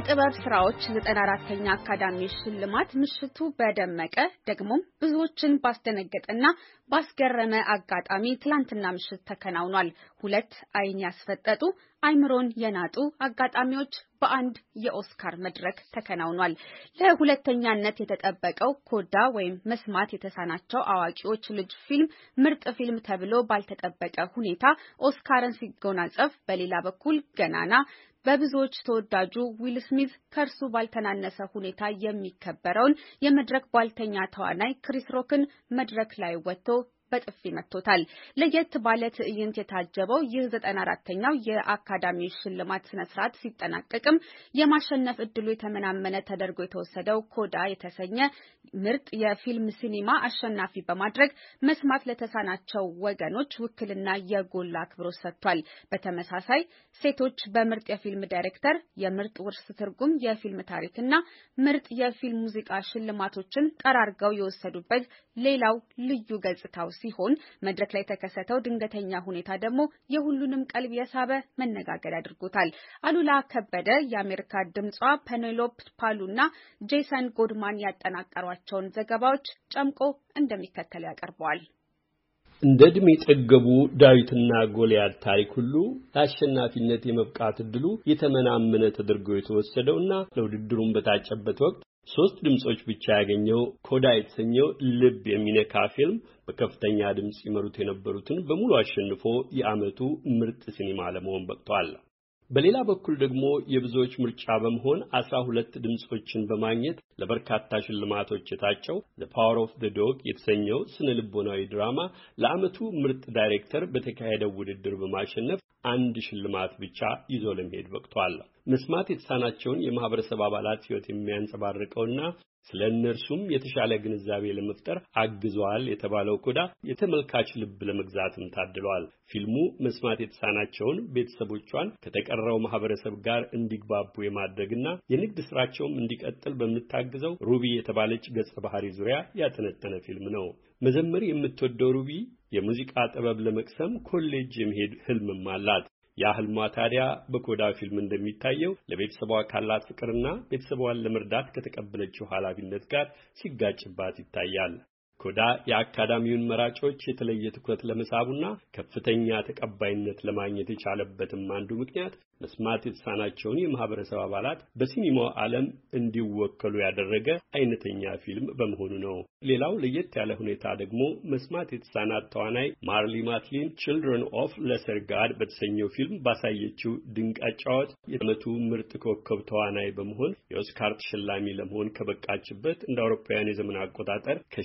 የጥበብ ስራዎች 94ተኛ አካዳሚ ሽልማት ምሽቱ በደመቀ ደግሞም ብዙዎችን ባስደነገጠና ባስገረመ አጋጣሚ ትላንትና ምሽት ተከናውኗል። ሁለት አይን ያስፈጠጡ አይምሮን የናጡ አጋጣሚዎች በአንድ የኦስካር መድረክ ተከናውኗል። ለሁለተኛነት የተጠበቀው ኮዳ ወይም መስማት የተሳናቸው አዋቂዎች ልጅ ፊልም ምርጥ ፊልም ተብሎ ባልተጠበቀ ሁኔታ ኦስካርን ሲጎናጸፍ፣ በሌላ በኩል ገናና በብዙዎች ተወዳጁ ዊል ስሚዝ ከእርሱ ባልተናነሰ ሁኔታ የሚከበረውን የመድረክ ቧልተኛ ተዋናይ ክሪስ ሮክን መድረክ ላይ ወጥቶ በጥፊ መጥቶታል። ለየት ባለ ትዕይንት የታጀበው ይህ ዘጠና አራተኛው የአካዳሚ ሽልማት ስነ ስርዓት ሲጠናቀቅም የማሸነፍ እድሉ የተመናመነ ተደርጎ የተወሰደው ኮዳ የተሰኘ ምርጥ የፊልም ሲኒማ አሸናፊ በማድረግ መስማት ለተሳናቸው ወገኖች ውክልና የጎላ አክብሮት ሰጥቷል። በተመሳሳይ ሴቶች በምርጥ የፊልም ዳይሬክተር፣ የምርጥ ውርስ ትርጉም የፊልም ታሪክና ምርጥ የፊልም ሙዚቃ ሽልማቶችን ጠራርገው የወሰዱበት ሌላው ልዩ ገጽታ ። ሲሆን መድረክ ላይ የተከሰተው ድንገተኛ ሁኔታ ደግሞ የሁሉንም ቀልብ የሳበ መነጋገር አድርጎታል። አሉላ ከበደ የአሜሪካ ድምጿ ፔኔሎፕ እና ጄሰን ጎድማን ያጠናቀሯቸውን ዘገባዎች ጨምቆ እንደሚከተል ያቀርበዋል። እንደ ዕድሜ ጠገቡ ዳዊትና ጎልያድ ታሪክ ሁሉ ለአሸናፊነት የመብቃት ዕድሉ የተመናመነ ተደርጎ የተወሰደውና ለውድድሩም በታጨበት ወቅት ሶስት ድምጾች ብቻ ያገኘው ኮዳ የተሰኘው ልብ የሚነካ ፊልም በከፍተኛ ድምፅ ይመሩት የነበሩትን በሙሉ አሸንፎ የዓመቱ ምርጥ ሲኒማ ለመሆን በቅቷል። በሌላ በኩል ደግሞ የብዙዎች ምርጫ በመሆን አስራ ሁለት ድምፆችን በማግኘት ለበርካታ ሽልማቶች የታጨው ዘ ፓወር ኦፍ ዘ ዶግ የተሰኘው ስነ ልቦናዊ ድራማ ለዓመቱ ምርጥ ዳይሬክተር በተካሄደው ውድድር በማሸነፍ አንድ ሽልማት ብቻ ይዞ ለመሄድ በቅቷል። መስማት የተሳናቸውን የማህበረሰብ አባላት ህይወት የሚያንጸባርቀውና ስለ እነርሱም የተሻለ ግንዛቤ ለመፍጠር አግዟል የተባለው ኮዳ የተመልካች ልብ ለመግዛትም ታድሏል። ፊልሙ መስማት የተሳናቸውን ቤተሰቦቿን ከተቀረው ማህበረሰብ ጋር እንዲግባቡ የማድረግና የንግድ ስራቸውም እንዲቀጥል በምታግዘው ሩቢ የተባለች ገጸ ባህሪ ዙሪያ ያጠነጠነ ፊልም ነው። መዘመር የምትወደው ሩቢ የሙዚቃ ጥበብ ለመቅሰም ኮሌጅ የመሄድ ህልምም አላት። ያ ህልሟ ታዲያ በኮዳ ፊልም እንደሚታየው ለቤተሰቧ ካላት ፍቅርና ቤተሰቧን ለመርዳት ከተቀበለችው ኃላፊነት ጋር ሲጋጭባት ይታያል። ኮዳ የአካዳሚውን መራጮች የተለየ ትኩረት ለመሳቡና ከፍተኛ ተቀባይነት ለማግኘት የቻለበትም አንዱ ምክንያት መስማት የተሳናቸውን የማህበረሰብ አባላት በሲኒማው ዓለም እንዲወከሉ ያደረገ አይነተኛ ፊልም በመሆኑ ነው። ሌላው ለየት ያለ ሁኔታ ደግሞ መስማት የተሳናት ተዋናይ ማርሊ ማትሊን ችልድረን ኦፍ ለሰር ጋድ በተሰኘው ፊልም ባሳየችው ድንቅ አጫዋት የዓመቱ ምርጥ ኮከብ ተዋናይ በመሆን የኦስካር ተሸላሚ ለመሆን ከበቃችበት እንደ አውሮፓውያን የዘመን አቆጣጠር ከ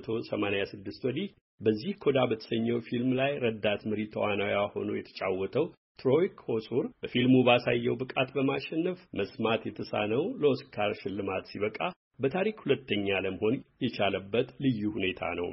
1986 ወዲህ በዚህ ኮዳ በተሰኘው ፊልም ላይ ረዳት መሪ ተዋናያ ሆኖ የተጫወተው ትሮይ ኮሱር በፊልሙ ባሳየው ብቃት በማሸነፍ መስማት የተሳነው ለኦስካር ሽልማት ሲበቃ በታሪክ ሁለተኛ ለመሆን የቻለበት ልዩ ሁኔታ ነው።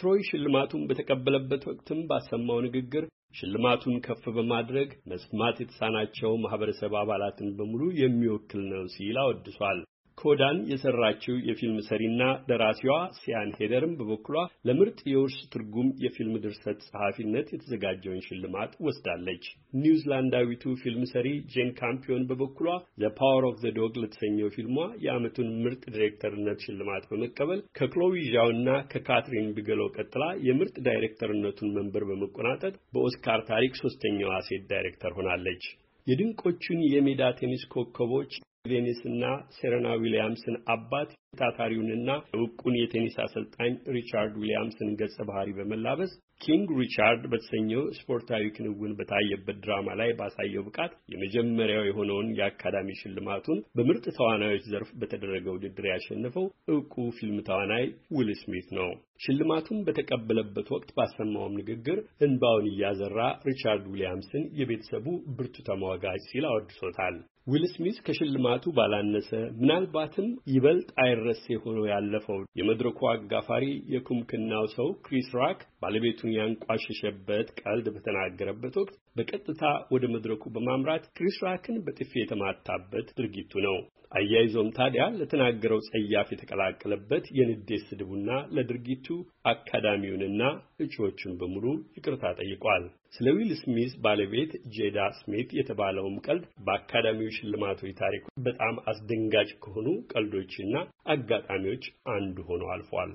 ትሮይ ሽልማቱን በተቀበለበት ወቅትም ባሰማው ንግግር ሽልማቱን ከፍ በማድረግ መስማት የተሳናቸው ማህበረሰብ አባላትን በሙሉ የሚወክል ነው ሲል አወድሷል። ኮዳን የሰራችው የፊልም ሰሪና ደራሲዋ ሲያን ሄደርም በበኩሏ ለምርጥ የውርስ ትርጉም የፊልም ድርሰት ጸሐፊነት የተዘጋጀውን ሽልማት ወስዳለች። ኒውዚላንዳዊቱ ፊልም ሰሪ ጄን ካምፒዮን በበኩሏ ዘ ፓወር ኦፍ ዘ ዶግ ለተሰኘው ፊልሟ የዓመቱን ምርጥ ዲሬክተርነት ሽልማት በመቀበል ከክሎዊ ዣው ከካትሪን ቢገሎ ቀጥላ የምርጥ ዳይሬክተርነቱን መንበር በመቆናጠጥ በኦስካር ታሪክ ሶስተኛዋ ሴት ዳይሬክተር ሆናለች። የድንቆቹን የሜዳ ቴኒስ ኮከቦች ቬኒስና ሴረና ዊሊያምስን አባት ታታሪውንና እውቁን የቴኒስ አሰልጣኝ ሪቻርድ ዊሊያምስን ገጸ ባህሪ በመላበስ ኪንግ ሪቻርድ በተሰኘው ስፖርታዊ ክንውን በታየበት ድራማ ላይ ባሳየው ብቃት የመጀመሪያው የሆነውን የአካዳሚ ሽልማቱን በምርጥ ተዋናዮች ዘርፍ በተደረገ ውድድር ያሸነፈው እውቁ ፊልም ተዋናይ ዊል ስሚት ነው። ሽልማቱን በተቀበለበት ወቅት ባሰማውም ንግግር እንባውን እያዘራ ሪቻርድ ዊሊያምስን የቤተሰቡ ብርቱ ተሟጋጅ ሲል አወድሶታል። ዊል ስሚዝ ከሽልማቱ ባላነሰ ምናልባትም ይበልጥ አይረሴ ሆኖ ያለፈው የመድረኩ አጋፋሪ የኩምክናው ሰው ክሪስ ራክ ባለቤቱን ያንቋሸሸበት ቀልድ በተናገረበት ወቅት በቀጥታ ወደ መድረኩ በማምራት ክሪስ ራክን በጥፊ የተማታበት ድርጊቱ ነው። አያይዞም ታዲያ ለተናገረው ጸያፍ የተቀላቀለበት የንዴት ስድቡና ለድርጊቱ አካዳሚውንና እጩዎቹን በሙሉ ይቅርታ ጠይቋል። ስለ ዊል ስሚዝ ባለቤት ጄዳ ስሚት የተባለውም ቀልድ በአካዳሚው ሽልማቶች ታሪክ በጣም አስደንጋጭ ከሆኑ ቀልዶችና አጋጣሚዎች አንዱ ሆኖ አልፏል።